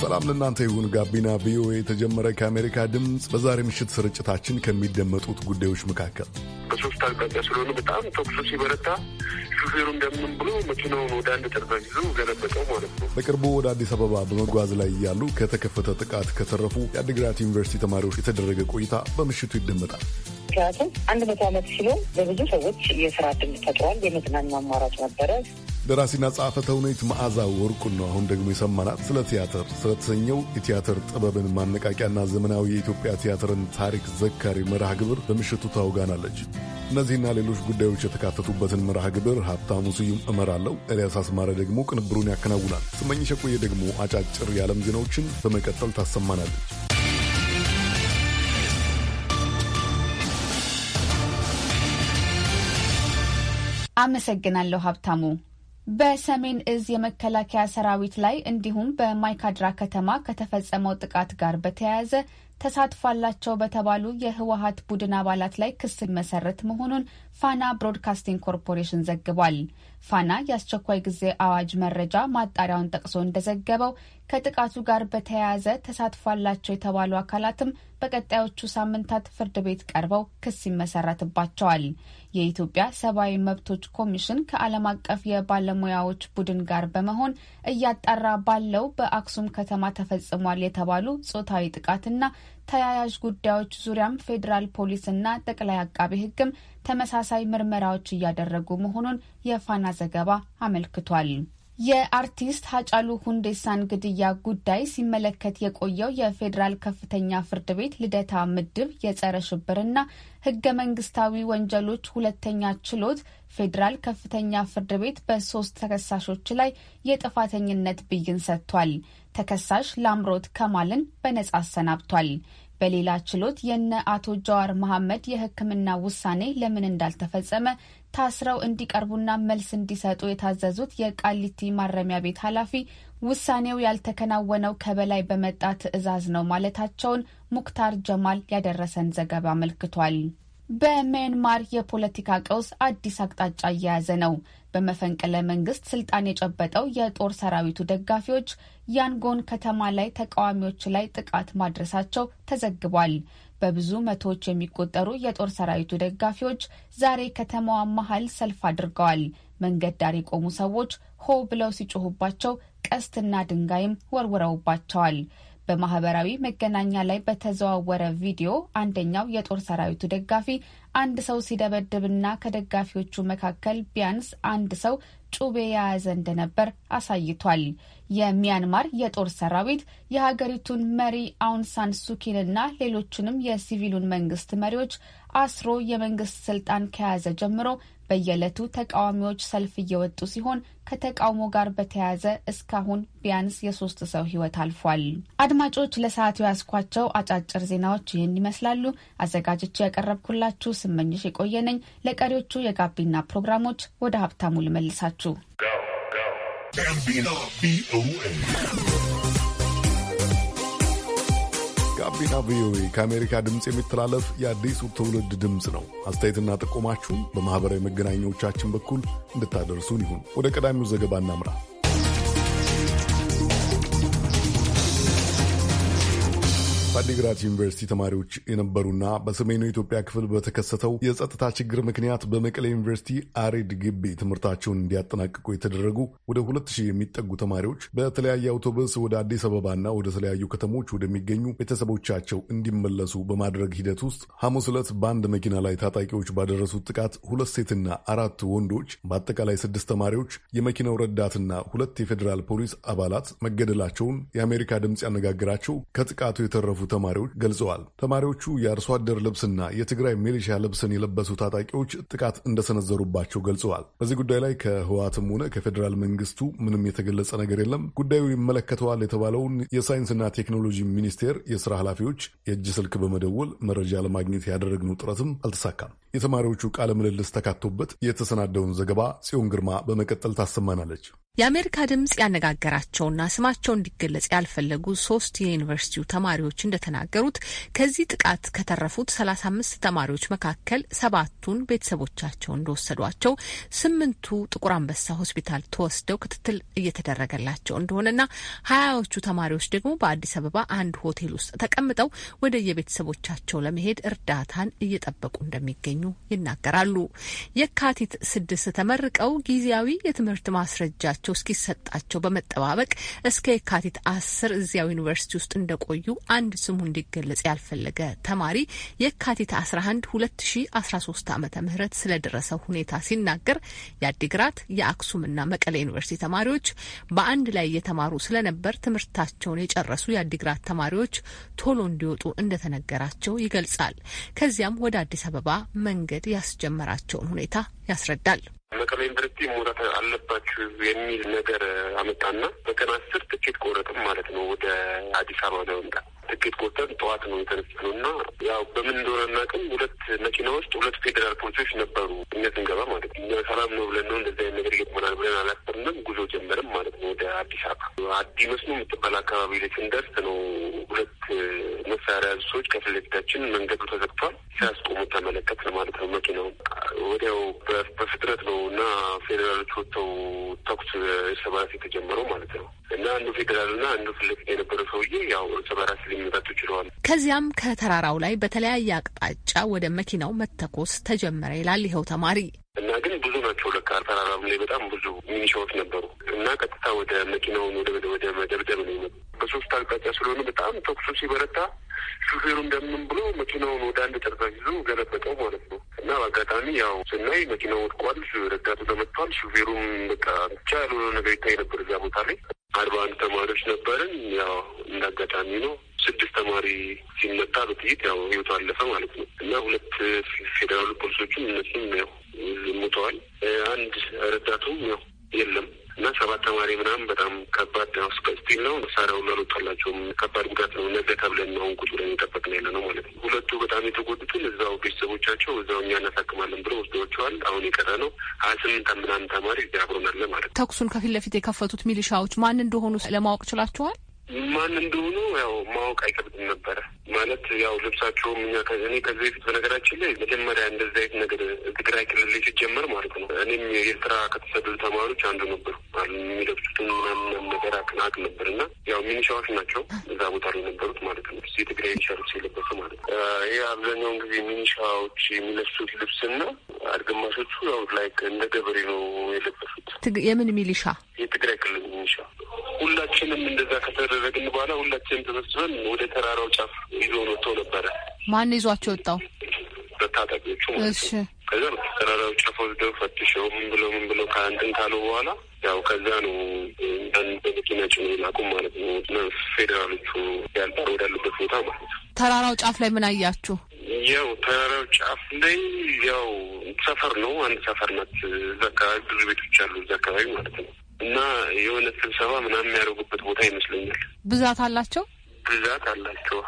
ሰላም ለእናንተ ይሁን። ጋቢና ቪኦኤ የተጀመረ ከአሜሪካ ድምፅ በዛሬ ምሽት ስርጭታችን ከሚደመጡት ጉዳዮች መካከል በሶስት አቅጣጫ ስለሆነ በጣም ተኩሱ ሲበረታ ሹፌሩ እንደምን ብሎ መኪናውን ወደ አንድ ጠርዛ ይዞ ገለበጠው ማለት ነው። በቅርቡ ወደ አዲስ አበባ በመጓዝ ላይ ያሉ ከተከፈተ ጥቃት ከተረፉ የአዲግራት ዩኒቨርሲቲ ተማሪዎች የተደረገ ቆይታ በምሽቱ ይደመጣል። ምክንያቱም አንድ መቶ ዓመት ሲሆን በብዙ ሰዎች የስራ እድል ፈጥሯል። የመዝናኛ አማራጭ ነበረ። ደራሲና ጸሐፌ ተውኔት መዓዛ ወርቁን ነው አሁን ደግሞ የሰማናት። ስለ ቲያትር ስለተሰኘው የቲያትር ጥበብን ማነቃቂያና ዘመናዊ የኢትዮጵያ ቲያትርን ታሪክ ዘካሪ መርሃ ግብር በምሽቱ ታውጋናለች። እነዚህና ሌሎች ጉዳዮች የተካተቱበትን መርሃ ግብር ሀብታሙ ስዩም እመራለሁ። ኤልያስ አስማረ ደግሞ ቅንብሩን ያከናውናል። ስመኝሽ ቆየ ደግሞ አጫጭር የዓለም ዜናዎችን በመቀጠል ታሰማናለች። አመሰግናለሁ ሀብታሙ። በሰሜን እዝ የመከላከያ ሰራዊት ላይ እንዲሁም በማይካድራ ከተማ ከተፈጸመው ጥቃት ጋር በተያያዘ ተሳትፏላቸው በተባሉ የህወሀት ቡድን አባላት ላይ ክስ መሰረት መሆኑን ፋና ብሮድካስቲንግ ኮርፖሬሽን ዘግቧል። ፋና የአስቸኳይ ጊዜ አዋጅ መረጃ ማጣሪያውን ጠቅሶ እንደዘገበው ከጥቃቱ ጋር በተያያዘ ተሳትፏላቸው የተባሉ አካላትም በቀጣዮቹ ሳምንታት ፍርድ ቤት ቀርበው ክስ ይመሰረትባቸዋል። የኢትዮጵያ ሰብአዊ መብቶች ኮሚሽን ከዓለም አቀፍ የባለሙያዎች ቡድን ጋር በመሆን እያጣራ ባለው በአክሱም ከተማ ተፈጽሟል የተባሉ ጾታዊ ጥቃትና ተያያዥ ጉዳዮች ዙሪያም ፌዴራል ፖሊስና ጠቅላይ አቃቤ ሕግም ተመሳሳይ ምርመራዎች እያደረጉ መሆኑን የፋና ዘገባ አመልክቷል። የአርቲስት ሀጫሉ ሁንዴሳን ግድያ ጉዳይ ሲመለከት የቆየው የፌዴራል ከፍተኛ ፍርድ ቤት ልደታ ምድብ የጸረ ሽብርና ሕገ መንግስታዊ ወንጀሎች ሁለተኛ ችሎት ፌዴራል ከፍተኛ ፍርድ ቤት በሶስት ተከሳሾች ላይ የጥፋተኝነት ብይን ሰጥቷል። ተከሳሽ ላምሮት ከማልን በነጻ አሰናብቷል። በሌላ ችሎት የነ አቶ ጀዋር መሐመድ የሕክምና ውሳኔ ለምን እንዳልተፈጸመ ታስረው እንዲቀርቡና መልስ እንዲሰጡ የታዘዙት የቃሊቲ ማረሚያ ቤት ኃላፊ ውሳኔው ያልተከናወነው ከበላይ በመጣ ትዕዛዝ ነው ማለታቸውን ሙክታር ጀማል ያደረሰን ዘገባ አመልክቷል። በሚያንማር የፖለቲካ ቀውስ አዲስ አቅጣጫ እየያዘ ነው። በመፈንቅለ መንግስት ስልጣን የጨበጠው የጦር ሰራዊቱ ደጋፊዎች ያንጎን ከተማ ላይ ተቃዋሚዎች ላይ ጥቃት ማድረሳቸው ተዘግቧል። በብዙ መቶዎች የሚቆጠሩ የጦር ሰራዊቱ ደጋፊዎች ዛሬ ከተማዋ መሀል ሰልፍ አድርገዋል። መንገድ ዳር የቆሙ ሰዎች ሆ ብለው ሲጮሁባቸው ቀስትና ድንጋይም ወርውረውባቸዋል። በማህበራዊ መገናኛ ላይ በተዘዋወረ ቪዲዮ አንደኛው የጦር ሰራዊቱ ደጋፊ አንድ ሰው ሲደበድብና ከደጋፊዎቹ መካከል ቢያንስ አንድ ሰው ጩቤ የያዘ እንደነበር አሳይቷል። የሚያንማር የጦር ሰራዊት የሀገሪቱን መሪ አውንሳን ሱኪንና ሌሎችንም የሲቪሉን መንግስት መሪዎች አስሮ የመንግስት ስልጣን ከያዘ ጀምሮ በየዕለቱ ተቃዋሚዎች ሰልፍ እየወጡ ሲሆን ከተቃውሞ ጋር በተያያዘ እስካሁን ቢያንስ የሶስት ሰው ህይወት አልፏል። አድማጮች ለሰዓቱ ያስኳቸው አጫጭር ዜናዎች ይህን ይመስላሉ። አዘጋጅቼ ያቀረብኩላችሁ ስመኝሽ የቆየነኝ። ለቀሪዎቹ የጋቢና ፕሮግራሞች ወደ ሀብታሙ ልመልሳችሁ። አድርሳችሁ። ጋቢና ቪኦኤ ከአሜሪካ ድምፅ የሚተላለፍ የአዲሱ ትውልድ ድምፅ ነው። አስተያየትና ጥቆማችሁን በማኅበራዊ መገናኛዎቻችን በኩል እንድታደርሱን ይሁን። ወደ ቀዳሚው ዘገባ እናምራ። በአዲግራት ዩኒቨርሲቲ ተማሪዎች የነበሩና በሰሜኑ ኢትዮጵያ ክፍል በተከሰተው የጸጥታ ችግር ምክንያት በመቀሌ ዩኒቨርሲቲ አሬድ ግቢ ትምህርታቸውን እንዲያጠናቅቁ የተደረጉ ወደ ሁለት ሺህ የሚጠጉ ተማሪዎች በተለያየ አውቶቡስ ወደ አዲስ አበባና ወደ ተለያዩ ከተሞች ወደሚገኙ ቤተሰቦቻቸው እንዲመለሱ በማድረግ ሂደት ውስጥ ሐሙስ ዕለት በአንድ መኪና ላይ ታጣቂዎች ባደረሱት ጥቃት ሁለት ሴትና አራት ወንዶች በአጠቃላይ ስድስት ተማሪዎች የመኪናው ረዳትና ሁለት የፌዴራል ፖሊስ አባላት መገደላቸውን የአሜሪካ ድምፅ ያነጋግራቸው ከጥቃቱ የተረፉ ተማሪዎች ገልጸዋል። ተማሪዎቹ የአርሶ አደር ልብስና የትግራይ ሚሊሻ ልብስን የለበሱ ታጣቂዎች ጥቃት እንደሰነዘሩባቸው ገልጸዋል። በዚህ ጉዳይ ላይ ከህወሓትም ሆነ ከፌዴራል መንግስቱ ምንም የተገለጸ ነገር የለም። ጉዳዩ ይመለከተዋል የተባለውን የሳይንስና ቴክኖሎጂ ሚኒስቴር የስራ ኃላፊዎች የእጅ ስልክ በመደወል መረጃ ለማግኘት ያደረግነው ጥረትም አልተሳካም። የተማሪዎቹ ቃለ ምልልስ ተካቶበት የተሰናደውን ዘገባ ጽዮን ግርማ በመቀጠል ታሰማናለች። የአሜሪካ ድምጽ ያነጋገራቸውና ስማቸው እንዲገለጽ ያልፈለጉ ሶስት የዩኒቨርሲቲው ተማሪዎች እንደተናገሩት ከዚህ ጥቃት ከተረፉት ሰላሳ አምስት ተማሪዎች መካከል ሰባቱን ቤተሰቦቻቸው እንደወሰዷቸው፣ ስምንቱ ጥቁር አንበሳ ሆስፒታል ተወስደው ክትትል እየተደረገላቸው እንደሆነና ሀያዎቹ ተማሪዎች ደግሞ በአዲስ አበባ አንድ ሆቴል ውስጥ ተቀምጠው ወደ የቤተሰቦቻቸው ለመሄድ እርዳታን እየጠበቁ እንደሚገኙ ይናገራሉ። የካቲት ስድስት ተመርቀው ጊዜያዊ የትምህርት ማስረጃቸው እስኪሰጣቸው በመጠባበቅ እስከ የካቲት አስር እዚያው ዩኒቨርሲቲ ውስጥ እንደቆዩ አንድ ስሙ እንዲገለጽ ያልፈለገ ተማሪ የካቲት 11 2013 ዓ ም ስለደረሰው ሁኔታ ሲናገር የአዲግራት የአክሱምና መቀሌ ዩኒቨርሲቲ ተማሪዎች በአንድ ላይ የተማሩ ስለነበር ትምህርታቸውን የጨረሱ የአዲግራት ተማሪዎች ቶሎ እንዲወጡ እንደተነገራቸው ይገልጻል። ከዚያም ወደ አዲስ አበባ መንገድ ያስጀመራቸውን ሁኔታ ያስረዳል። መቀሌ ዩኒቨርሲቲ መውጣት አለባችሁ የሚል ነገር አመጣና በቀን አስር ትኬት ቆረጥም ማለት ነው ወደ አዲስ አበባ ለመምጣት ትኬት ቆርጠን ጠዋት ነው የተነሳነው እና ያው በምን እንደሆነ አናውቅም። ሁለት መኪና ውስጥ ሁለት ፌዴራል ፖሊሶች ነበሩ። እኛ ስንገባ ማለት ነው ሰላም ነው ብለን ነው እንደዚህ አይነት ነገር ይገጥመናል ብለን አላሰብንም። ጉዞ ጀመርም ማለት ነው ወደ አዲስ አበባ አዲ መስኖ የምትባል አካባቢ ላይ ስንደርስ ነው ሁለት መሳሪያ ያዙ ሰዎች ከፊት ለፊታችን መንገዱ ተዘግቷል። ሲያስቆሙ ተመለከትን ማለት ነው መኪናው ወዲያው በፍጥረት ነው እና ፌዴራሎች ወጥተው ተኩስ እርስ በርስ የተጀመረው ማለት ነው። እና አንዱ ፌዴራል እና አንዱ ፊት ለፊት የነበረ ሰውዬ ያው እርስ በራስ ሊመጣጡ ችለዋል። ከዚያም ከተራራው ላይ በተለያየ አቅጣጫ ወደ መኪናው መተኮስ ተጀመረ ይላል ይኸው ተማሪ እና ግን ብዙ ናቸው። ለካ ተራራም ላይ በጣም ብዙ ሚኒሻዎች ነበሩ እና ቀጥታ ወደ መኪናውን ወደ ወደ መደብደብ ነው ይመጡ። በሶስት አቅጣጫ ስለሆነ በጣም ተኩሱ ሲበረታ ሹፌሩ እንደምን ብሎ መኪናውን ወደ አንድ ጠርዛዝ ይዞ ገለበጠው ማለት ነው እና በአጋጣሚ ያው ስናይ መኪናው ወድቋል፣ ረዳቱ ተመቷል። ሹፌሩም በቃ ብቻ ያልሆነ ነገር ይታይ ነበር እዛ ቦታ ላይ አርባ አንድ ተማሪዎች ነበርን። ያው እንደ አጋጣሚ ነው ስድስት ተማሪ ሲመታ በጥይት ያው ህይወቱ አለፈ ማለት ነው እና ሁለት ፌዴራል ፖሊሶችም እነሱም ያው ሁሉም አንድ ረዳቱም ያው የለም እና ሰባት ተማሪ ምናምን በጣም ከባድ ስቲል ነው። መሳሪያ ሁሉ አልወጣላቸውም። ከባድ ጉዳት ነው። ነገ ተብለን አሁን ቁጭ ብለን የጠበቅን ያለ ነው ማለት ነው። ሁለቱ በጣም የተጎዱትን እዛው ቤተሰቦቻቸው እዛው እኛ እናሳክማለን ብሎ ወስደዋቸዋል። አሁን የቀረ ነው ሀያ ስምንት ምናምን ተማሪ አብሮናል ማለት ነው። ተኩሱን ከፊት ለፊት የከፈቱት ሚሊሻዎች ማን እንደሆኑ ለማወቅ ችላችኋል? ማን እንደሆኑ ያው ማወቅ አይከብድም ነበረ። ማለት ያው ልብሳቸውም እኛ እኔ ከዚህ በፊት በነገራችን ላይ መጀመሪያ እንደዚህ አይነት ነገር ትግራይ ክልል ሲጀመር ማለት ነው እኔም የኤርትራ ከተሰደዱ ተማሪዎች አንዱ ነበሩ። የሚለብሱትን ምናምን ነገር አቅናቅ ነበር እና ያው ሚኒሻዎች ናቸው እዛ ቦታ ላይ የነበሩት ማለት ነው። የትግራይ ሚኒሻ ልብስ የለበሱ ማለት ነው። ይህ አብዛኛውን ጊዜ ሚኒሻዎች የሚለብሱት ልብስና አድግማሾቹ ያው ላይክ እንደ ገበሬ ነው የለበሱት። የምን ሚሊሻ? የትግራይ ክልል ሚኒሻ። ሁላችንም እንደዛ ከተደ ከተደረግን በኋላ ሁላችንም ተሰብስበን ወደ ተራራው ጫፍ ይዞ ወጥቶ ነበረ። ማን ይዟቸው ወጣው? በታጣቂዎቹ ማለት ነው። ተራራው ጫፍ ወስደው ፈትሸው ምን ብለው ምን ብለው ከአንትን ካሉ በኋላ ያው ከዛ ነው ን በመኪና ጭኖ ላቁም ማለት ነው። ፌዴራሎቹ ያልጣ ወዳሉበት ቦታ ማለት ነው። ተራራው ጫፍ ላይ ምን አያችሁ? ያው ተራራው ጫፍ ላይ ያው ሰፈር ነው። አንድ ሰፈር ናት። እዛ አካባቢ ብዙ ቤቶች አሉ። እዛ አካባቢ ማለት ነው። እና የሆነ ስብሰባ ምናምን የሚያደርጉበት ቦታ ይመስለኛል። ብዛት አላቸው፣ ብዛት አላቸው።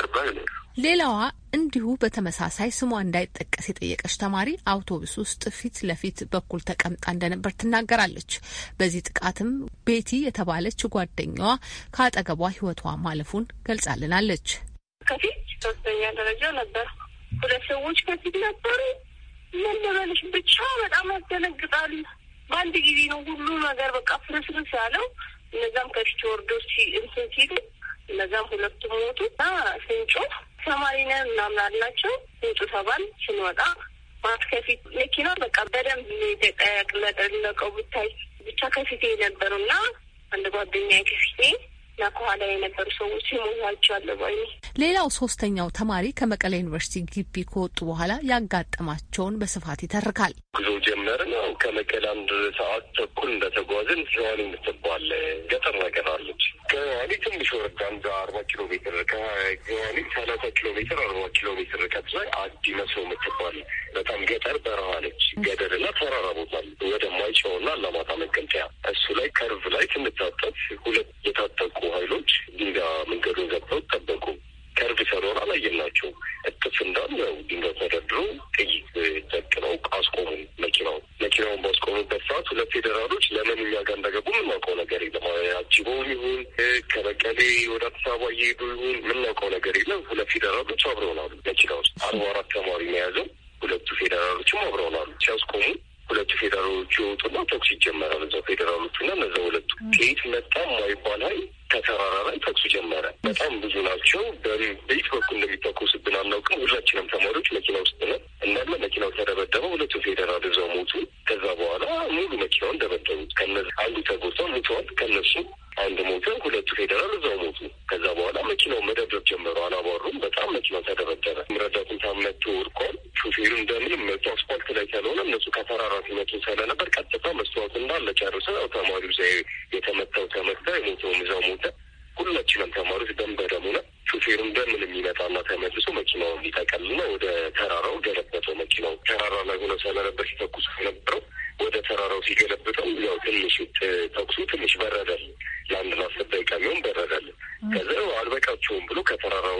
አርባ ይሆናሉ። ሌላዋ እንዲሁ በተመሳሳይ ስሟ እንዳይጠቀስ የጠየቀች ተማሪ አውቶቡስ ውስጥ ፊት ለፊት በኩል ተቀምጣ እንደነበር ትናገራለች። በዚህ ጥቃትም ቤቲ የተባለች ጓደኛዋ ከአጠገቧ ሕይወቷ ማለፉን ገልጻልናለች። ከፊት ሶስተኛ ደረጃ ነበር፣ ሁለት ሰዎች ከፊት ነበሩ። ምን ልበልሽ ብቻ በጣም ያስደነግጣል። በአንድ ጊዜ ነው ሁሉ ነገር በቃ ፍርስርስ ያለው። እነዛም ከፊት ወርዶ እንትን ሲሉ እነዛም ሁለቱ ሞቱ እና ስንጮ ሰማሪ ነን ምናምን አልናቸው። ስንጮህ ተባል ስንወጣ ማት ከፊት መኪና በቃ በደንብ የተቀለጠለቀው ብታይ ብቻ ከፊቴ ነበሩ ነበሩና አንድ ጓደኛ ከፊቴ እና ከኋላ የነበሩ ሰዎች አለ ወይ። ሌላው ሶስተኛው ተማሪ ከመቀሌ ዩኒቨርሲቲ ግቢ ከወጡ በኋላ ያጋጠማቸውን በስፋት ይተርካል። ጉዞ ጀመርን። ያው ከመቀሌ አንድ ሰዓት ተኩል እንደተጓዝን ሸዋኒ የምትባል ገጠር ነገር አለች። ከሸዋኒ ትንሽ ወረዳ እንደ አርባ ኪሎ ሜትር ከሸዋኒ ሰላሳ ኪሎ ሜትር አርባ ኪሎ ሜትር ርቀት ላይ አዲ መስሎ የምትባል በጣም ገጠር በረሃ ነች። ገደልና ተራራ ቦታል ወደማይጨውና አላማጣ መገንጠያ እሱ ላይ ከርቭ ላይ ስንታጠፍ ሁለት የታጠቁ የታጠቁ ኃይሎች ድንጋ መንገዱን ገብተው ጠበቁ። ከርብ ሰሮራ ላየም ናቸው። እጥፍ እንዳለ ድንጋይ ተደርድሮ ጥይት ዘቅነው አስቆሙ መኪናው። መኪናውን ባስቆሙበት ሰዓት ሁለት ፌዴራሎች ለምን እኛ ጋር እንደገቡ የምናውቀው ነገር የለም። አጅበውን ይሁን ከመቀሌ ወደ አዲስ አበባ እየሄዱ ይሁን የምናውቀው ነገር የለም። ሁለት ፌዴራሎች አብረውናሉ መኪና ውስጥ አርባ አራት አልበቃቸውም ብሎ ከተራራው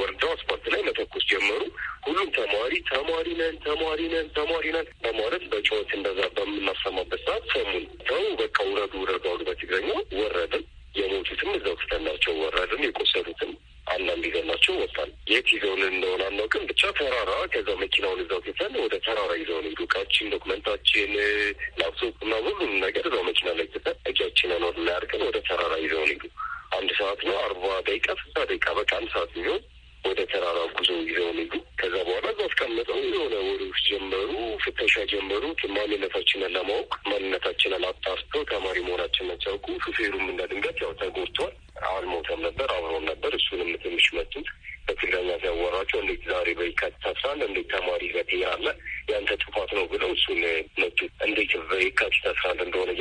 ወርደው አስፓልት ላይ መተኮስ ጀመሩ። ሁሉም ተማሪ ተማሪ ነን ተማሪ ነን ተማሪ ነን በማለት በጩኸት እንደዛ በምናሰማበት ሰዓት ሰሙን ተው በቃ ውረዱ ውረዱ አሉ በትግረኛ። ወረድን። የሞቱትም እዛው ትተናቸው ወረድን። የቆሰሉትም አንዳንድ ይዘናቸው ወጣን። የት ይዘውን እንደሆነ አናውቅም። ብቻ ተራራ ከዛ መኪናውን እዛው ትተን ወደ ተራራ ይዘውን ዱቃችን፣ ዶክመንታችን፣ ላፕቶፕ እና ሁሉም ነገር እዛው መኪና ላይ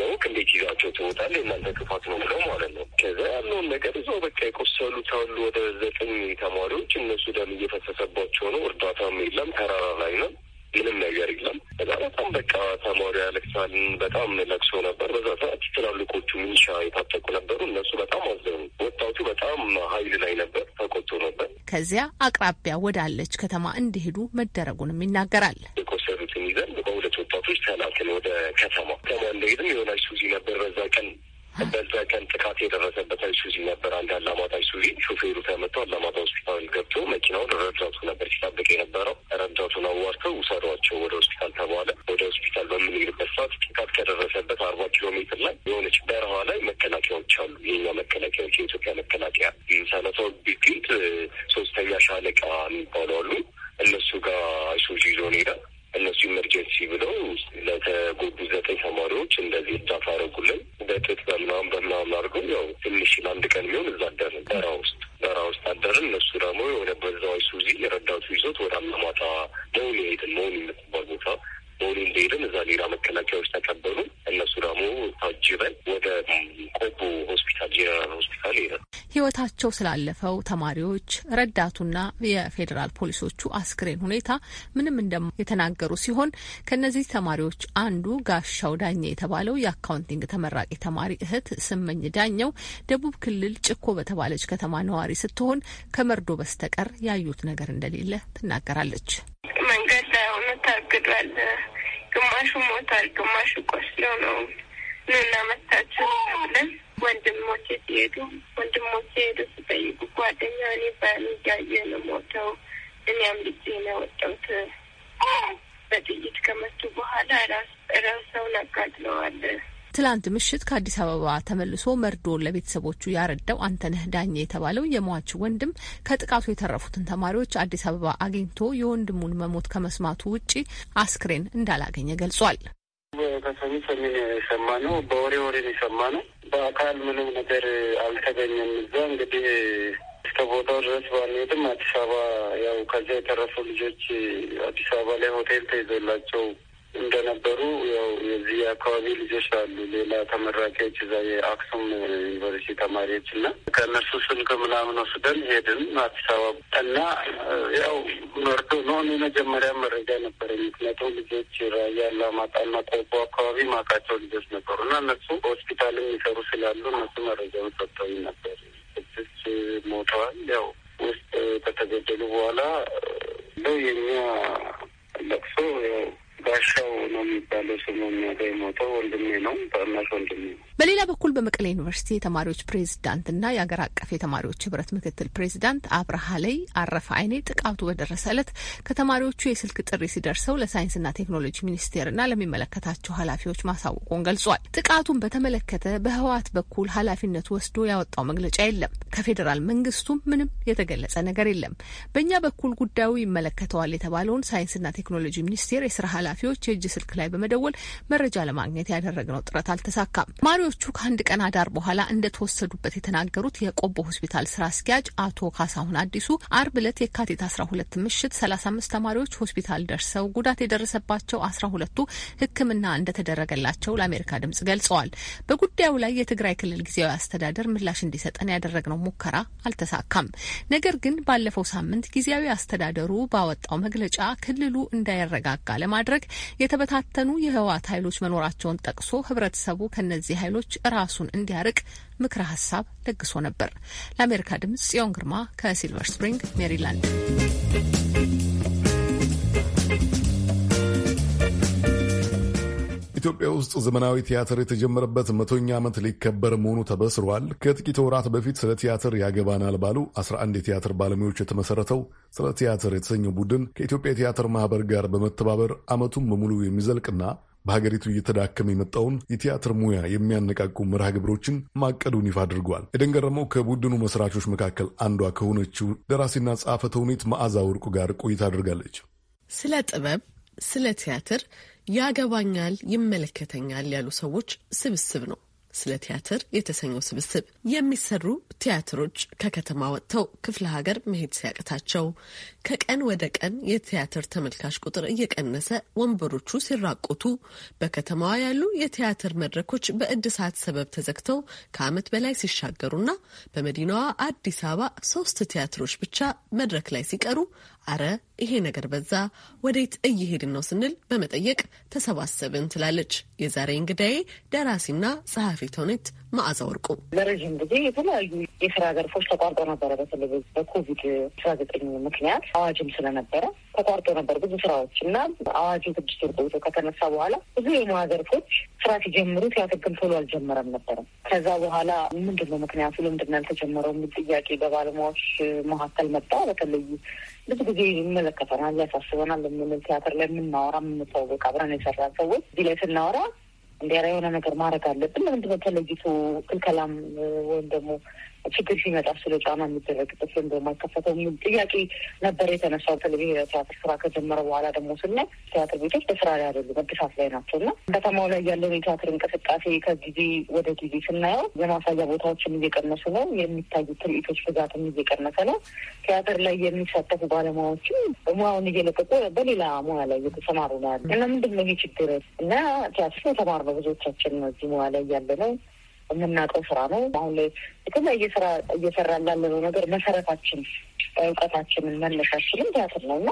እያወቅ እንዴት ይዛቸው ትወጣል? የእናንተ ክፋት ነው ብለው ማለት ነው። ከዛ ያለውን ነገር እዛው በቃ የቆሰሉት አሉ ወደ ዘጠኝ ተማሪዎች እነሱ ደም እየፈሰሰባቸው ነው። እርዳታም የለም። ተራራ ላይ ነው። ምንም ነገር የለም። በዛ በጣም በቃ ተማሪ ያለቅሳል። በጣም ለቅሶ ነበር። በዛ ሰዓት ትላልቆቹ ሚኒሻ የታጠቁ ነበሩ። እነሱ በጣም አዘኑ። ወጣቱ በጣም ሀይል ላይ ነበር፣ ተቆጥቶ ነበር። ከዚያ አቅራቢያ ወዳለች ከተማ እንዲሄዱ መደረጉንም ይናገራል። የቆሰሉትን ይዘን በሁለት ወጣቶች ተላክን ወደ ከተማ። ከተማ እንደሄድም የሆነ ሱዚ ነበር በዛ ቀን በዛ ቀን ጥቃት የደረሰበት አይሱዚ ነበር። አንድ አላማጣ አይሱዚ ሹፌሩ ተመቶ አላማጣ ሆስፒታል ገብቶ መኪናውን ረዳቱ ነበር ሲጠብቅ የነበረው። ረዳቱን አዋርተው ውሰዷቸው ወደ ሆስፒታል ተባለ። ወደ ሆስፒታል በምንሄድበት ሰዓት ጥቃት ከደረሰበት አርባ ኪሎ ሜትር ላይ የሆነች በረሃ ላይ መከላከያዎች አሉ። የኛ መከላከያዎች የኢትዮጵያ መከላከያ ሰነቶ ቢግንት ሶስተኛ ሻለቃ የሚባሉ አሉ። እነሱ ጋር አይሱዚ ይዞ ሄዳ እነሱ ሕይወታቸው ስላለፈው ተማሪዎች ረዳቱና የፌዴራል ፖሊሶቹ አስክሬን ሁኔታ ምንም እንደማ የተናገሩ ሲሆን ከእነዚህ ተማሪዎች አንዱ ጋሻው ዳኘ የተባለው የአካውንቲንግ ተመራቂ ተማሪ እህት ስመኝ ዳኘው ደቡብ ክልል ጭኮ በተባለች ከተማ ነዋሪ ስትሆን ከመርዶ በስተቀር ያዩት ነገር እንደሌለ ትናገራለች። መንገድ ላይ ሆኖ ታግዷል። ግማሹ ሞቷል፣ ግማሹ ቆስሎ ነው። ኑና ብለን ወንድሞቼ ሲሄዱ ወንድሞቼ ሄዱ ሲጠይቁ ጓደኛ እኔ በሚጋየ ነው ሞተው እኔም አምልጬ ነው የወጣሁት በጥይት ከመቱ በኋላ ራሳውን አቃጥለዋል። ትላንት ምሽት ከአዲስ አበባ ተመልሶ መርዶ ለቤተሰቦቹ ያረዳው አንተነህ ዳኘ የተባለው የሟች ወንድም ከጥቃቱ የተረፉትን ተማሪዎች አዲስ አበባ አግኝቶ የወንድሙን መሞት ከመስማቱ ውጪ አስክሬን እንዳላገኘ ገልጿል። ሰሚን የሰማ ነው በወሬ ወሬ ነው በአካል ምንም ነገር አልተገኘም። እዛ እንግዲህ እስከ ቦታው ድረስ ባንሄድም አዲስ አበባ ያው ከዚያ የተረፉ ልጆች አዲስ አበባ ላይ ሆቴል ተይዞላቸው እንደነበሩ ያው የዚህ የአካባቢ ልጆች አሉ። ሌላ ተመራቂዎች እዛ የአክሱም ዩኒቨርሲቲ ተማሪዎች እና ከእነሱ ስልክ ምናምን ወስደን ሄድን አዲስ አበባ እና ያው መርዶ ነሆን የመጀመሪያ መረጃ ነበረ። ምክንያቱም ልጆች ራያ አላማጣና ቆቦ አካባቢ ማቃቸው ልጆች ነበሩ እና እነሱ ሆስፒታል የሚሰሩ ስላሉ እነሱ መረጃውን ሰጥተውኝ ነበር። ስድስት ሞተዋል። ያው ውስጥ ከተገደሉ በኋላ የኛ ጋሻው ነው የሚባለው ስሙ የሚያገኝ ሞተው ወንድሜ ነው ታናሽ ወንድሜ ነው። በሌላ በኩል በኩል በመቀሌ ዩኒቨርሲቲ የተማሪዎች ፕሬዚዳንትና የአገር አቀፍ የተማሪዎች ህብረት ምክትል ፕሬዚዳንት አብርሃ ላይ አረፈ አይኔ ጥቃቱ በደረሰ ዕለት ከተማሪዎቹ የስልክ ጥሪ ሲደርሰው ለሳይንስና ቴክኖሎጂ ሚኒስቴርና ለሚመለከታቸው ኃላፊዎች ማሳወቁን ገልጿል። ጥቃቱን በተመለከተ በህወሓት በኩል ኃላፊነት ወስዶ ያወጣው መግለጫ የለም። ከፌዴራል መንግስቱም ምንም የተገለጸ ነገር የለም። በእኛ በኩል ጉዳዩ ይመለከተዋል የተባለውን ሳይንስና ቴክኖሎጂ ሚኒስቴር የስራ ኃላፊዎች የእጅ ስልክ ላይ በመደወል መረጃ ለማግኘት ያደረግነው ጥረት አልተሳካም። ተማሪዎቹ ከአንድ ቀን አዳር በኋላ እንደተወሰዱበት የተናገሩት የቆቦ ሆስፒታል ስራ አስኪያጅ አቶ ካሳሁን አዲሱ አርብ ዕለት የካቲት ሁለት ምሽት አምስት ተማሪዎች ሆስፒታል ደርሰው ጉዳት የደረሰባቸው አስራ ሁለቱ ሕክምና እንደተደረገላቸው ለአሜሪካ ድምጽ ገልጸዋል። በጉዳዩ ላይ የትግራይ ክልል ጊዜያዊ አስተዳደር ምላሽ እንዲሰጠን ያደረግነው ሙከራ አልተሳካም። ነገር ግን ባለፈው ሳምንት ጊዜያዊ አስተዳደሩ ባወጣው መግለጫ ክልሉ እንዳይረጋጋ ለማድረግ የተበታተኑ የህወሓት ኃይሎች መኖራቸውን ጠቅሶ ህብረተሰቡ ከነዚህ ኃይሎች ራሱ ራሱን እንዲያርቅ ምክረ ሀሳብ ለግሶ ነበር። ለአሜሪካ ድምጽ ጽዮን ግርማ ከሲልቨር ስፕሪንግ ሜሪላንድ። ኢትዮጵያ ውስጥ ዘመናዊ ቲያትር የተጀመረበት መቶኛ ዓመት ሊከበር መሆኑ ተበስሯል። ከጥቂት ወራት በፊት ስለ ቲያትር ያገባናል ባሉ 11 የቲያትር ባለሙያዎች የተመሠረተው ስለ ቲያትር የተሰኘው ቡድን ከኢትዮጵያ የቲያትር ማኅበር ጋር በመተባበር ዓመቱን በሙሉ የሚዘልቅና በሀገሪቱ እየተዳከመ የመጣውን የቲያትር ሙያ የሚያነቃቁ መርሃ ግብሮችን ማቀዱን ይፋ አድርጓል። የደንገረመው ከቡድኑ መስራቾች መካከል አንዷ ከሆነችው ደራሲና ጸሐፌ ተውኔት መዓዛ ወርቁ ጋር ቆይታ አድርጋለች። ስለ ጥበብ፣ ስለ ቲያትር ያገባኛል፣ ይመለከተኛል ያሉ ሰዎች ስብስብ ነው ስለ ቲያትር የተሰኘው ስብስብ የሚሰሩ ቲያትሮች ከከተማ ወጥተው ክፍለ ሀገር መሄድ ሲያቅታቸው ከቀን ወደ ቀን የቲያትር ተመልካች ቁጥር እየቀነሰ ወንበሮቹ ሲራቆቱ በከተማዋ ያሉ የቲያትር መድረኮች በእድሳት ሰበብ ተዘግተው ከዓመት በላይ ሲሻገሩና በመዲናዋ አዲስ አበባ ሶስት ቲያትሮች ብቻ መድረክ ላይ ሲቀሩ አረ ይሄ ነገር በዛ፣ ወዴት እየሄድን ነው ስንል በመጠየቅ ተሰባሰብን ትላለች የዛሬ እንግዳዬ ደራሲና ጸሐፊ ተውኔት መዓዛ ወርቁ። ለረዥም ጊዜ የተለያዩ የስራ ዘርፎች ተቋርጦ ነበረ። በተለይ በኮቪድ አስራ ዘጠኝ ምክንያት አዋጅም ስለነበረ ተቋርጦ ነበር ብዙ ስራዎች እና አዋጁ ስድስት ወር ቆይቶ ከተነሳ በኋላ ብዙ የሙያ ዘርፎች ስራ ሲጀምሩ ሲያተግም ቶሎ አልጀመረም ነበረም። ከዛ በኋላ ምንድን ነው ምክንያቱ ለምንድን ነው ያልተጀመረው የሚል ጥያቄ በባለሙያዎች መካከል መጣ። በተለይ ብዙ ጊዜ ይመለከተናል፣ ያሳስበናል የምንል ቲያትር ላይ የምናወራ የምንታወቅ አብረን የሰራን ሰዎች እዚህ ላይ ስናወራ እንዲያራ የሆነ ነገር ማድረግ አለብን። ለምንድን ነው ተለይቶ ክልከላም ወይም ደግሞ ችግር ሲመጣ ስለ ጫና የሚደረግበት ለምደ የማይከፈተው ጥያቄ ነበር የተነሳው። ቴሌቪዥን ቲያትር ስራ ከጀመረ በኋላ ደግሞ ስና ቲያትር ቤቶች በስራ ላይ አይደሉ መድሳት ላይ ናቸው እና ከተማው ላይ ያለን የቲያትር እንቅስቃሴ ከጊዜ ወደ ጊዜ ስናየው የማሳያ ቦታዎችም እየቀነሱ ነው። የሚታዩ ትርኢቶች ብዛትም እየቀነሰ ነው። ቲያትር ላይ የሚሳተፉ ባለሙያዎችም ሙያውን እየለቀቁ በሌላ ሙያ ላይ እየተሰማሩ ነው ያለ እና ምንድን ነው ይህ ችግር እና ቲያትር የተማርነው ብዙዎቻችን እዚህ ሙያ ላይ ያለ ነው የምናውቀው ስራ ነው። አሁን ላይ የተለያየ ስራ እየሰራ ላለነው ነገር መሰረታችን እውቀታችንን መነሻችንም ቲያትር ነው እና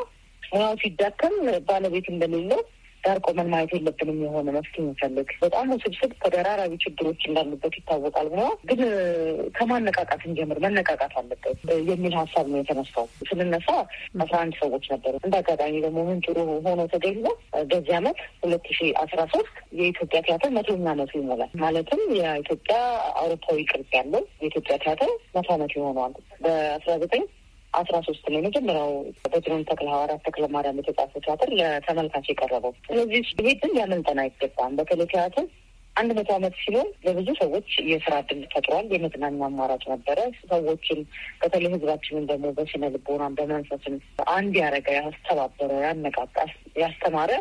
ሙያው ሲዳከም ባለቤት እንደሌለው ዳር ቆመን ማየት የለብንም። የሆነ መፍትሄ እንፈልግ። በጣም ውስብስብ ተደራራቢ ችግሮች እንዳሉበት ይታወቃል ብለ ግን ከማነቃቃት እንጀምር፣ መነቃቃት አለበት የሚል ሀሳብ ነው የተነሳው። ስንነሳ አስራ አንድ ሰዎች ነበሩ። እንደ አጋጣሚ ደግሞ ምን ጥሩ ሆኖ ተገኝቶ በዚህ አመት ሁለት ሺ አስራ ሶስት የኢትዮጵያ ቲያትር መቶኛ አመቱ ይሞላል። ማለትም የኢትዮጵያ አውሮፓዊ ቅርጽ ያለው የኢትዮጵያ ቲያትር መቶ አመት ይሆነዋል በአስራ ዘጠኝ አስራ ሶስት ነው የመጀመሪያው በትሩን ተክለ ሐዋርያት ተክለ ማርያም የተጻፈ ቲያትር ለተመልካች የቀረበው። ስለዚህ ይሄትን ሊያመልጠን አይገባም። በተለይ ቲያትር አንድ መቶ ዓመት ሲሆን ለብዙ ሰዎች የስራ እድል ፈጥሯል። የመዝናኛ አማራጭ ነበረ። ሰዎችን በተለይ ህዝባችንን ደግሞ በስነ ልቦናን በመንፈስን አንድ ያረገ ያስተባበረ፣ ያነቃቃ፣ ያስተማረ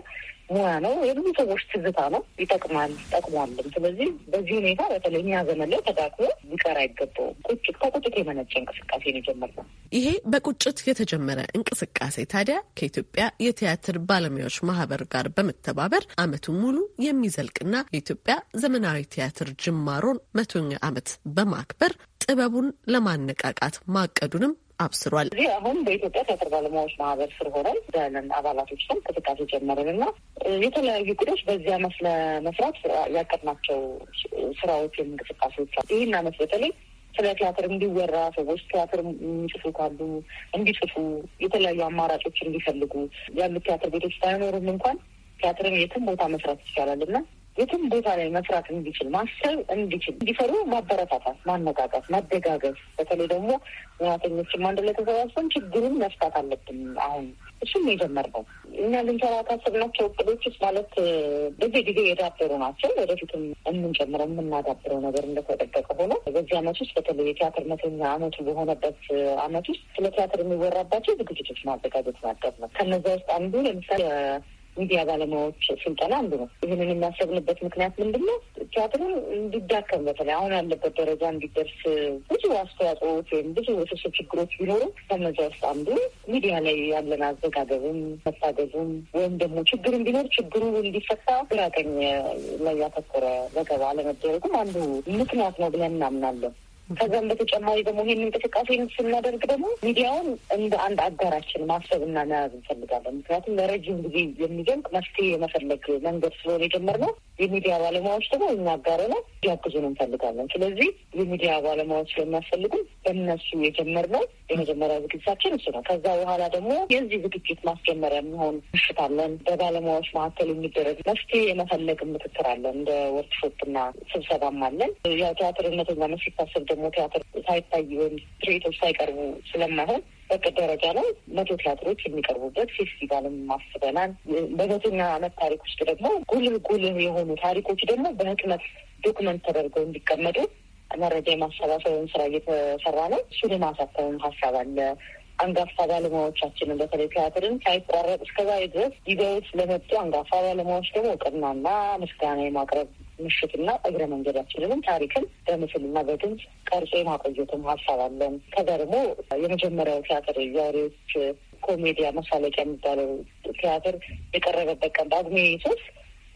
ሙያ ነው፣ የብዙ ሰዎች ትዝታ ነው። ይጠቅማል፣ ጠቅሟልም። ስለዚህ በዚህ ሁኔታ በተለይ እኛ ዘመን ላይ ተዳክሎ ሊቀር አይገባውም። ቁጭት ከቁጭት የመነጨ እንቅስቃሴ ነው የጀመርነው። ይሄ በቁጭት የተጀመረ እንቅስቃሴ ታዲያ ከኢትዮጵያ የቲያትር ባለሙያዎች ማህበር ጋር በመተባበር አመቱን ሙሉ የሚዘልቅና የኢትዮጵያ ዘመናዊ ቲያትር ጅማሮን መቶኛ አመት በማክበር ጥበቡን ለማነቃቃት ማቀዱንም አብስሯል። እዚህ አሁን በኢትዮጵያ ቲያትር ባለሙያዎች ማህበር ስር ሆነን ደህንን አባላቶች ስም እንቅስቃሴ ጀመርን እና የተለያዩ ጉዳዮች በዚህ አመት ለመስራት ያቀድናቸው ስራዎች ወይም እንቅስቃሴዎች አሉ። ይህን አመት በተለይ ስለ ቲያትር እንዲወራ ሰዎች ቲያትር የሚጽፉ ካሉ እንዲጽፉ፣ የተለያዩ አማራጮች እንዲፈልጉ ያሉት ቲያትር ቤቶች ባይኖሩም እንኳን ቲያትርን የትም ቦታ መስራት ይቻላል እና የትም ቦታ ላይ መስራት እንዲችል ማሰብ እንዲችል እንዲፈሩ ማበረታታት፣ ማነቃቀፍ፣ ማደጋገፍ በተለይ ደግሞ ሙያተኞችም አንድ ላይ ተሰባስበን ችግሩን መፍታት አለብን። አሁን እሱም የጀመርነው እኛ ልንሰራ ካሰብናቸው እቅዶች ውስጥ ማለት በዚህ ጊዜ የዳበሩ ናቸው። ወደፊትም የምንጨምረው የምናዳብረው ነገር እንደተጠበቀ ሆኖ በዚህ አመት ውስጥ በተለይ የቲያትር መተኛ አመቱ በሆነበት አመት ውስጥ ስለ ቲያትር የሚወራባቸው ዝግጅቶች ማዘጋጀት ማቀብ ነው። ከነዚ ውስጥ አንዱ ለምሳሌ ሚዲያ ባለሙያዎች ስልጠና አንዱ ነው። ይህንን የሚያሰብንበት ምክንያት ምንድን ነው? ቲያትሩን እንዲዳከም በተለይ አሁን ያለበት ደረጃ እንዲደርስ ብዙ አስተዋጽኦዎች ወይም ብዙ ውስብስብ ችግሮች ቢኖሩ ከነዚ ውስጥ አንዱ ሚዲያ ላይ ያለን አዘጋገብም መታገዙም ወይም ደግሞ ችግር ቢኖር ችግሩ እንዲፈታ ግራቀኝ ላይ ያተኮረ ዘገባ አለመደረጉም አንዱ ምክንያት ነው ብለን እናምናለን። ከዛም በተጨማሪ ደግሞ ይህን እንቅስቃሴ ስናደርግ ደግሞ ሚዲያውን እንደ አንድ አጋራችን ማሰብ እና መያዝ እንፈልጋለን። ምክንያቱም ለረጅም ጊዜ የሚደንቅ መፍትሄ የመፈለግ መንገድ ስለሆነ የጀመርነው የሚዲያ ባለሙያዎች ደግሞ እኛ አጋር ነው ሊያግዙን እንፈልጋለን። ስለዚህ የሚዲያ ባለሙያዎች ስለሚያስፈልጉን በእነሱ የጀመርነው የመጀመሪያ ዝግጅታችን እሱ ነው። ከዛ በኋላ ደግሞ የዚህ ዝግጅት ማስጀመሪያ የሚሆን ምሽት አለን። በባለሙያዎች መካከል የሚደረግ መፍትሄ የመፈለግ ምክክር አለን። እንደ ወርክሾፕ እና ስብሰባም አለን። ያው ቲያትርነተኛ ሲታሰብ ደግሞ ቲያትር ሳይታይ ወይም ትርኢቶች ሳይቀርቡ ስለማይሆን በቅ ደረጃ ላይ መቶ ቲያትሮች የሚቀርቡበት ፌስቲቫልም አስበናል። በመቶኛ ዓመት ታሪክ ውስጥ ደግሞ ጉልህ ጉልህ የሆኑ ታሪኮች ደግሞ በህክመት ዶክመንት ተደርገው እንዲቀመጡ መረጃ የማሰባሰብን ስራ እየተሰራ ነው። እሱን የማሳተምም ሀሳብ አለ። አንጋፋ ባለሙያዎቻችንን በተለይ ቲያትርን ሳይቋረጥ እስከዛ ድረስ ይዘውት ለመጡ አንጋፋ ባለሙያዎች ደግሞ እውቅናና ምስጋና የማቅረብ ምሽትና እግረ መንገዳችንንም ታሪክን በምስልና በድምፅ ቀርጾ የማቆየትም ሀሳብ አለን። ከዛ ደግሞ የመጀመሪያው ቲያትር ዛሬዎች ኮሜዲያ መሳለቂያ የሚባለው ቲያትር የቀረበበት ቀን ዳግሜ ሶስት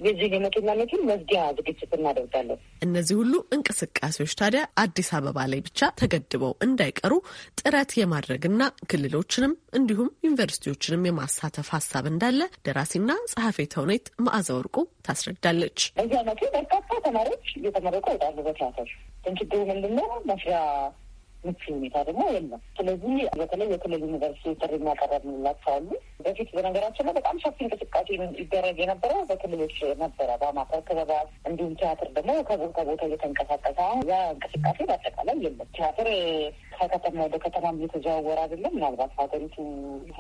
የዚህ ሊመጡና መኪን መዝጊያ ዝግጅት እናደርጋለን። እነዚህ ሁሉ እንቅስቃሴዎች ታዲያ አዲስ አበባ ላይ ብቻ ተገድበው እንዳይቀሩ ጥረት የማድረግና ክልሎችንም እንዲሁም ዩኒቨርሲቲዎችንም የማሳተፍ ሀሳብ እንዳለ ደራሲና ጸሐፌ ተውኔት መዓዛ ወርቁ ታስረዳለች። በዚህ አመቱ በርካታ ተማሪዎች እየተመረቁ ይወጣሉ። በትያትር ግን ችግሩ ምንድነው መስሪያ ምቹ ሁኔታ ደግሞ የለም። ስለዚህ በተለይ የክልል ዩኒቨርሲቲ ጥሪ የሚያቀረብንላቸው አሉ። በፊት በነገራችን ላይ በጣም ሰፊ እንቅስቃሴ ይደረግ የነበረው በክልሎች ነበረ፣ በአማካር ክበባት፣ እንዲሁም ቲያትር ደግሞ ከቦታ ቦታ እየተንቀሳቀሰ አሁን ያ እንቅስቃሴ በአጠቃላይ የለም። ቲያትር ከከተማ ወደ ከተማ እየተዘዋወረ አይደለም። ምናልባት ሀገሪቱ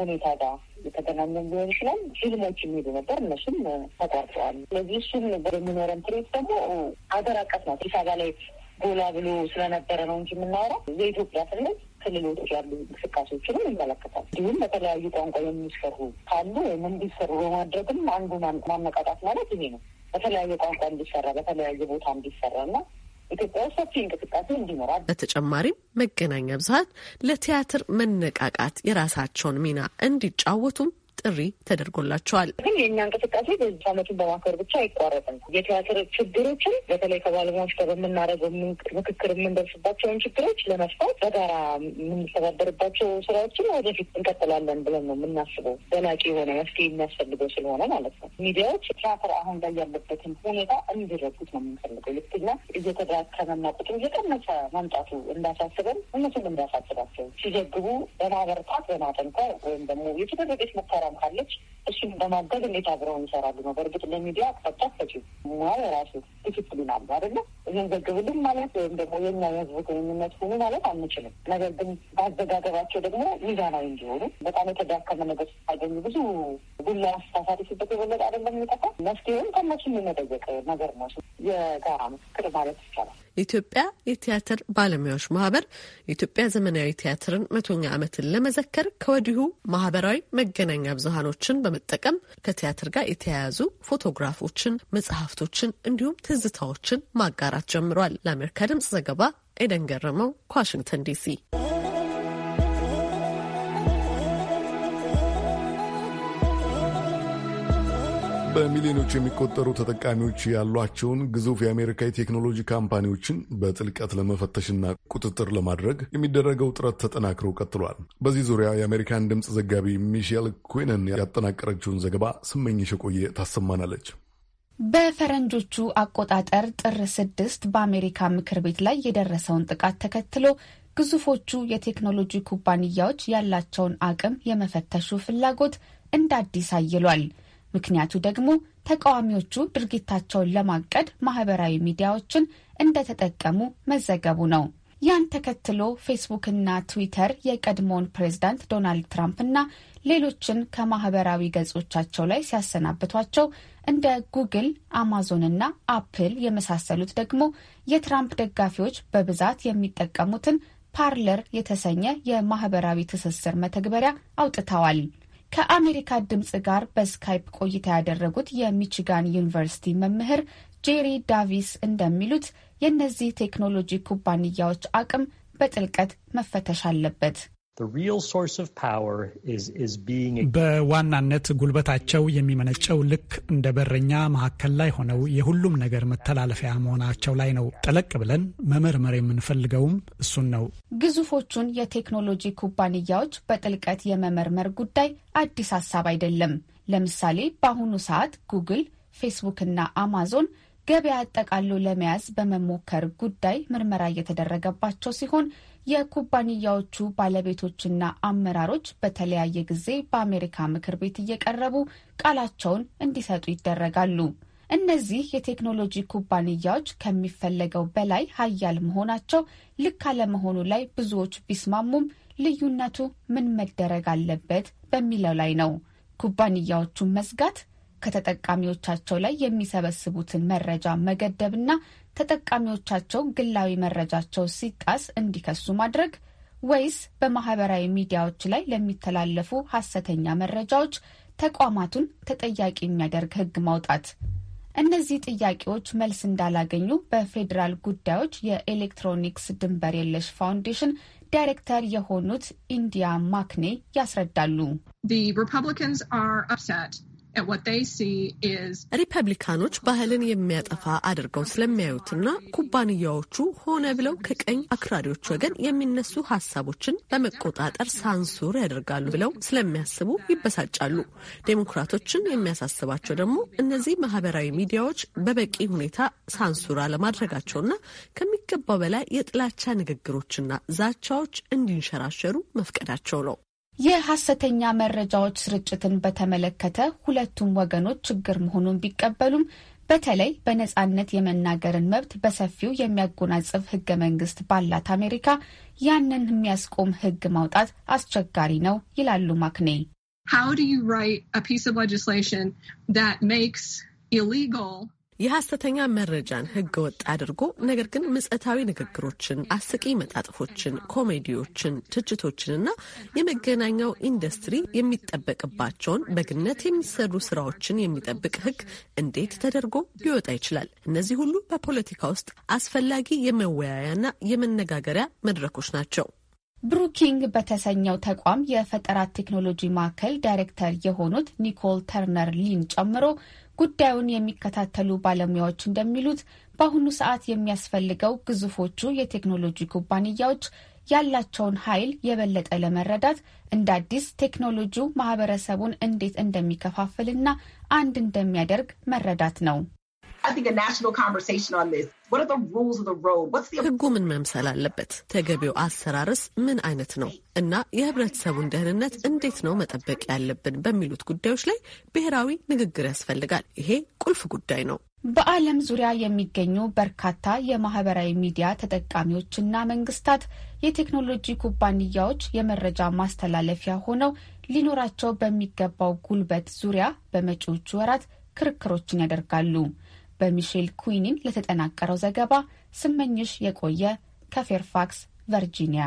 ሁኔታ ጋር የተገናኘም ሊሆን ይችላል። ፊልሞች የሚሄዱ ነበር፣ እነሱም ተቋርጠዋል። ስለዚህ እሱን በሚኖረን ትሬት ደግሞ ሀገር አቀፍ ነው አዲስ አበባ ላይ ጎላ ብሎ ስለነበረ ነው እንጂ የምናወራው የኢትዮጵያ ክልል ክልሎች ያሉ እንቅስቃሴዎችንም ይመለከታል። እንዲሁም በተለያዩ ቋንቋ የሚሰሩ ካሉ ወይም እንዲሰሩ በማድረግም አንዱ ማነቃቃት ማለት ይሄ ነው። በተለያየ ቋንቋ እንዲሰራ፣ በተለያየ ቦታ እንዲሰራ እና ኢትዮጵያ ውስጥ ሰፊ እንቅስቃሴ እንዲኖራል። በተጨማሪም መገናኛ ብዙኃን ለቲያትር መነቃቃት የራሳቸውን ሚና እንዲጫወቱም ጥሪ ተደርጎላቸዋል። ግን የእኛ እንቅስቃሴ በዚህ ዓመቱን በማክበር ብቻ አይቋረጥም። የቲያትር ችግሮችን በተለይ ከባለሙያዎች ጋር በምናደርገው ምክክር የምንደርስባቸውን ችግሮች ለመፍታት በጋራ የምንተባበርባቸው ስራዎችን ወደፊት እንቀጥላለን ብለን ነው የምናስበው። ዘላቂ የሆነ መፍትሄ የሚያስፈልገው ስለሆነ ማለት ነው። ሚዲያዎች ቲያትር አሁን ላይ ያለበትን ሁኔታ እንዲረጉት ነው የምንፈልገው። ልክኛ እየተዳከመና ቁጥሩ እየቀነሰ መምጣቱ እንዳሳስበን እነሱም እንዳሳስባቸው ሲዘግቡ በማበርታት በማጠንከር ወይም ደግሞ የተደረገች መታ የምትሰራም ካለች እሱም በማገዝ እንዴት አብረው ይሰራሉ ነው። በእርግጥ ለሚዲያ አቅጣጫ ሰጪ ሙያ የራሱ ዲስፕሊን አሉ አደለ? ዘግብልን ማለት ወይም ደግሞ የኛ የህዝብ ግንኙነት ሆኑ ማለት አንችልም። ነገር ግን በአዘጋገባቸው ደግሞ ሚዛናዊ እንዲሆኑ በጣም የተዳከመ ነገር ስታገኙ ብዙ ጉላ ስታሳሪፍበት የበለጠ አደለ የሚጠፋ መፍትሄውን ከነሱ የመጠየቅ ነገር ነው። የጋራ ምክክር ማለት ይቻላል። ኢትዮጵያ የቲያትር ባለሙያዎች ማህበር የኢትዮጵያ ዘመናዊ ቲያትርን መቶኛ ዓመትን ለመዘከር ከወዲሁ ማህበራዊ መገናኛ ብዙሀኖችን በመጠቀም ከቲያትር ጋር የተያያዙ ፎቶግራፎችን፣ መጽሐፍቶችን እንዲሁም ትዝታዎችን ማጋራት ጀምሯል። ለአሜሪካ ድምጽ ዘገባ ኤደን ገረመው ከዋሽንግተን ዲሲ በሚሊዮኖች የሚቆጠሩ ተጠቃሚዎች ያሏቸውን ግዙፍ የአሜሪካ የቴክኖሎጂ ካምፓኒዎችን በጥልቀት ለመፈተሽና ቁጥጥር ለማድረግ የሚደረገው ጥረት ተጠናክሮ ቀጥሏል። በዚህ ዙሪያ የአሜሪካን ድምፅ ዘጋቢ ሚሼል ኩነን ያጠናቀረችውን ዘገባ ስመኝሽ ቆየ ታሰማናለች። በፈረንጆቹ አቆጣጠር ጥር ስድስት በአሜሪካ ምክር ቤት ላይ የደረሰውን ጥቃት ተከትሎ ግዙፎቹ የቴክኖሎጂ ኩባንያዎች ያላቸውን አቅም የመፈተሹ ፍላጎት እንደ አዲስ አይሏል። ምክንያቱ ደግሞ ተቃዋሚዎቹ ድርጊታቸውን ለማቀድ ማህበራዊ ሚዲያዎችን እንደተጠቀሙ መዘገቡ ነው። ያን ተከትሎ ፌስቡክና ትዊተር የቀድሞውን ፕሬዝዳንት ዶናልድ ትራምፕና ሌሎችን ከማህበራዊ ገጾቻቸው ላይ ሲያሰናብቷቸው እንደ ጉግል፣ አማዞን እና አፕል የመሳሰሉት ደግሞ የትራምፕ ደጋፊዎች በብዛት የሚጠቀሙትን ፓርለር የተሰኘ የማህበራዊ ትስስር መተግበሪያ አውጥተዋል። ከአሜሪካ ድምፅ ጋር በስካይፕ ቆይታ ያደረጉት የሚችጋን ዩኒቨርሲቲ መምህር ጄሪ ዳቪስ እንደሚሉት የእነዚህ ቴክኖሎጂ ኩባንያዎች አቅም በጥልቀት መፈተሽ አለበት። በዋናነት ጉልበታቸው የሚመነጨው ልክ እንደ በረኛ መካከል ላይ ሆነው የሁሉም ነገር መተላለፊያ መሆናቸው ላይ ነው። ጠለቅ ብለን መመርመር የምንፈልገውም እሱን ነው። ግዙፎቹን የቴክኖሎጂ ኩባንያዎች በጥልቀት የመመርመር ጉዳይ አዲስ ሀሳብ አይደለም። ለምሳሌ በአሁኑ ሰዓት ጉግል፣ ፌስቡክ እና አማዞን ገበያ አጠቃሎ ለመያዝ በመሞከር ጉዳይ ምርመራ እየተደረገባቸው ሲሆን የኩባንያዎቹ ባለቤቶችና አመራሮች በተለያየ ጊዜ በአሜሪካ ምክር ቤት እየቀረቡ ቃላቸውን እንዲሰጡ ይደረጋሉ። እነዚህ የቴክኖሎጂ ኩባንያዎች ከሚፈለገው በላይ ሀያል መሆናቸው ልክ አለመሆኑ ላይ ብዙዎች ቢስማሙም ልዩነቱ ምን መደረግ አለበት በሚለው ላይ ነው። ኩባንያዎቹን መዝጋት ከተጠቃሚዎቻቸው ላይ የሚሰበስቡትን መረጃ መገደብና ተጠቃሚዎቻቸው ግላዊ መረጃቸው ሲጣስ እንዲከሱ ማድረግ ወይስ በማህበራዊ ሚዲያዎች ላይ ለሚተላለፉ ሀሰተኛ መረጃዎች ተቋማቱን ተጠያቂ የሚያደርግ ህግ ማውጣት? እነዚህ ጥያቄዎች መልስ እንዳላገኙ በፌዴራል ጉዳዮች የኤሌክትሮኒክስ ድንበር የለሽ ፋውንዴሽን ዳይሬክተር የሆኑት ኢንዲያ ማክኔ ያስረዳሉ። ሪፐብሊካኖች ባህልን የሚያጠፋ አድርገው ስለሚያዩትና ኩባንያዎቹ ሆነ ብለው ከቀኝ አክራሪዎች ወገን የሚነሱ ሀሳቦችን በመቆጣጠር ሳንሱር ያደርጋሉ ብለው ስለሚያስቡ ይበሳጫሉ። ዴሞክራቶችን የሚያሳስባቸው ደግሞ እነዚህ ማህበራዊ ሚዲያዎች በበቂ ሁኔታ ሳንሱር አለማድረጋቸውና ከሚገባው በላይ የጥላቻ ንግግሮችና ዛቻዎች እንዲንሸራሸሩ መፍቀዳቸው ነው። የሐሰተኛ መረጃዎች ስርጭትን በተመለከተ ሁለቱም ወገኖች ችግር መሆኑን ቢቀበሉም በተለይ በነጻነት የመናገርን መብት በሰፊው የሚያጎናጽፍ ህገ መንግስት ባላት አሜሪካ ያንን የሚያስቆም ህግ ማውጣት አስቸጋሪ ነው ይላሉ ማክኔ። How do you write a piece of legislation that makes illegal የሐሰተኛ መረጃን ህገ ወጥ አድርጎ ነገር ግን ምጸታዊ ንግግሮችን፣ አስቂ መጣጥፎችን፣ ኮሜዲዎችን፣ ትችቶችንና የመገናኛው ኢንዱስትሪ የሚጠበቅባቸውን በግነት የሚሰሩ ስራዎችን የሚጠብቅ ህግ እንዴት ተደርጎ ሊወጣ ይችላል? እነዚህ ሁሉ በፖለቲካ ውስጥ አስፈላጊ የመወያያና የመነጋገሪያ መድረኮች ናቸው። ብሩኪንግ በተሰኘው ተቋም የፈጠራ ቴክኖሎጂ ማዕከል ዳይሬክተር የሆኑት ኒኮል ተርነር ሊን ጨምሮ ጉዳዩን የሚከታተሉ ባለሙያዎች እንደሚሉት በአሁኑ ሰዓት የሚያስፈልገው ግዙፎቹ የቴክኖሎጂ ኩባንያዎች ያላቸውን ኃይል የበለጠ ለመረዳት እንደ አዲስ ቴክኖሎጂው ማህበረሰቡን እንዴት እንደሚከፋፍልና አንድ እንደሚያደርግ መረዳት ነው። ህጉ ምን መምሰል አለበት? ተገቢው አሰራርስ ምን አይነት ነው? እና የህብረተሰቡን ደህንነት እንዴት ነው መጠበቅ ያለብን? በሚሉት ጉዳዮች ላይ ብሔራዊ ንግግር ያስፈልጋል። ይሄ ቁልፍ ጉዳይ ነው። በዓለም ዙሪያ የሚገኙ በርካታ የማህበራዊ ሚዲያ ተጠቃሚዎችና መንግስታት የቴክኖሎጂ ኩባንያዎች የመረጃ ማስተላለፊያ ሆነው ሊኖራቸው በሚገባው ጉልበት ዙሪያ በመጪዎቹ ወራት ክርክሮችን ያደርጋሉ። በሚሼል ኩዊኒን ለተጠናቀረው ዘገባ ስመኝሽ የቆየ ከፌርፋክስ ቨርጂኒያ።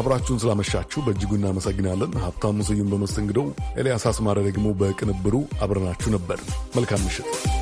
አብራችሁን ስላመሻችሁ በእጅጉ እናመሰግናለን። ሀብታሙ ስዩም በመስተንግደው፣ ኤልያስ አስማረ ደግሞ በቅንብሩ አብረናችሁ ነበር። መልካም ምሽት።